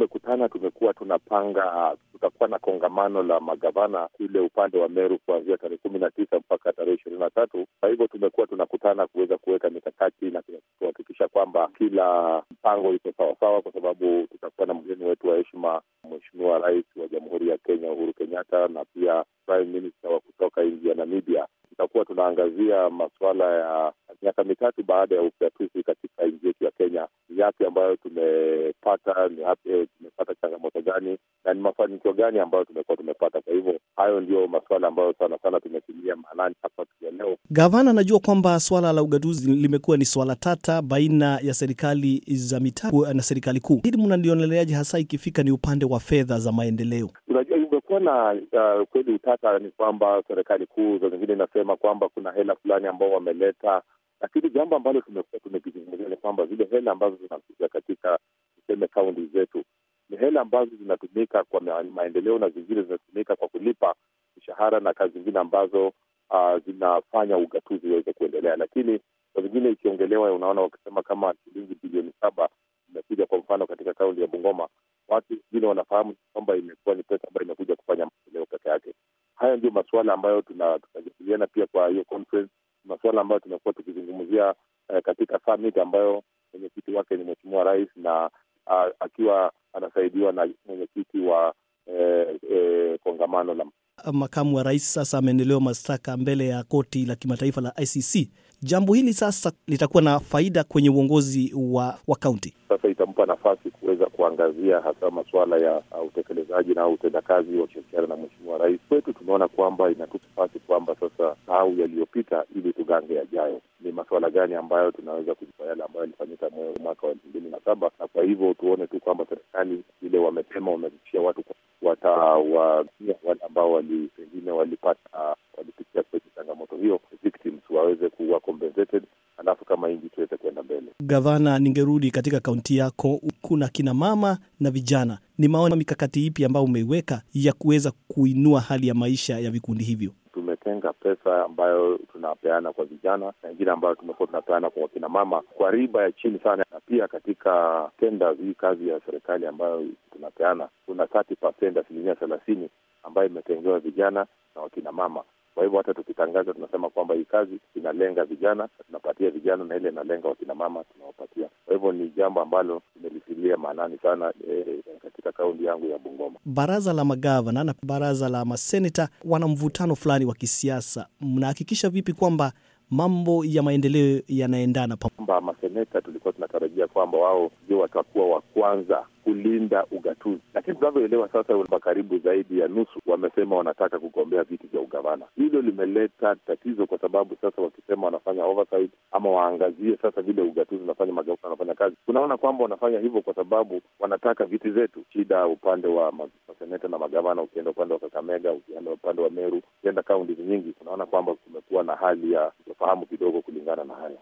tumekutana, tumekuwa tunapanga, tutakuwa na kongamano la magavana kule upande wa Meru kuanzia tarehe kumi na tisa mpaka tarehe ishirini na tatu. Kwa hivyo tumekuwa tunakutana kuweza kuweka mikakati na kuhakikisha kwamba kila mpango iko sawasawa, kwa sababu tutakuwa na mgeni wetu wa heshima, Mheshimiwa Rais wa Jamhuri ya Kenya Uhuru Kenyatta, na pia Prime Minister wa kutoka nchi ya Namibia. Tutakuwa tunaangazia masuala ya miaka mitatu baada ya ugatuzi katika nchi yetu ya Kenya. Ni yapi ambayo tumepata? Ni yapi eh, tumepata changamoto gani, na ni mafanikio gani ambayo tumekuwa tumepata? Kwa hivyo hayo ndio masuala ambayo sana sana tumetumia maanani hapa ya leo. Gavana, najua kwamba swala la ugatuzi limekuwa ni swala tata baina ya serikali za mitaa na serikali kuu. Hili mnalioneleaje hasa ikifika ni upande wa fedha za maendeleo? Unajua imekuwa na uh, kweli utata ni kwamba serikali kuu zingine inasema kwamba kuna hela fulani ambao wameleta lakini jambo ambalo tumekizungumzia ni kwamba zile hela ambazo zinakuja katika tuseme kaunti zetu ni hela ambazo zinatumika kwa maendeleo na zingine zinatumika kwa kulipa mishahara na kazi zingine ambazo uh, zinafanya ugatuzi iweze kuendelea. Lakini kwa vingine ikiongelewa, unaona wakisema kama shilingi bilioni saba imekuja kwa mfano katika kaunti ya Bungoma, watu wengine wanafahamu kwamba imekuwa ni pesa ambayo imekuja kufanya maendeleo peke yake. Haya ndio masuala ambayo tunajadiliana pia kwa hiyo conference masuala ambayo tumekuwa tukizungumzia eh, katika summit ambayo mwenyekiti wake ni mheshimiwa rais na a, ah, akiwa anasaidiwa na mwenyekiti wa eh, eh, kongamano la makamu wa rais sasa ameendelewa mashtaka mbele ya koti la kimataifa la ICC. Jambo hili sasa litakuwa na faida kwenye uongozi wa wa kaunti. Sasa itampa nafasi kuweza kuangazia hasa masuala ya uh, utekelezaji na utendakazi wa ushirikiano na mheshimiwa rais kwetu. Tumeona kwamba nafasi kwamba sasa au yaliyopita ili tugange yajayo. Ni masuala gani ambayo tunaweza kujua yale ambayo yalifanyika mwaka wa elfu mbili na saba na kwa hivyo tuone tu kwamba serikali ile wamesema wamefikishia watu kwa watawaia wale ambao wali, pengine walipata walipitia kwenye changamoto hiyo victims waweze kuwa compensated, alafu kama inji tuweze kwenda mbele. Gavana, ningerudi katika kaunti yako, kuna kina mama na vijana, ni maona mikakati ipi ambayo umeiweka ya kuweza kuinua hali ya maisha ya vikundi hivyo? Tumetenga pesa ambayo tunapeana kwa vijana na ingine ambayo tumekuwa tunapeana kwa wakinamama kwa riba ya chini sana, na pia katika tenda hii kazi ya serikali ambayo tunapeana, kuna asilimia thelathini ambayo imetengewa vijana na wakina mama. Kwa hivyo hata tukitangaza tunasema kwamba hii kazi inalenga vijana, tunapatia vijana, na ile inalenga wakina mama tunawapatia. Kwa hivyo ni jambo ambalo imelifilia maanani sana e, katika kaunti yangu ya Bungoma. Baraza la magavana na baraza la maseneta wana mvutano fulani wa kisiasa, mnahakikisha vipi kwamba mambo ya maendeleo yanaendana? maseneta tulikuwa tunatarajia kwamba wao ndio watakuwa wa kwanza kulinda ugatuzi, lakini tunavyoelewa sasa, karibu zaidi ya nusu wamesema wanataka kugombea viti vya ugavana. Hilo limeleta tatizo, kwa sababu sasa wakisema wanafanya oversight ama waangazie sasa vile ugatuzi unafanya, magavana wanafanya kazi, tunaona kwamba wanafanya hivyo kwa sababu wanataka viti zetu. Shida upande wa maseneta na magavana, ukienda upande wa Kakamega, ukienda upande wa Meru, ukienda kaunti nyingi, tunaona kwamba kumekuwa na hali ya kutofahamu kidogo kulingana na haya.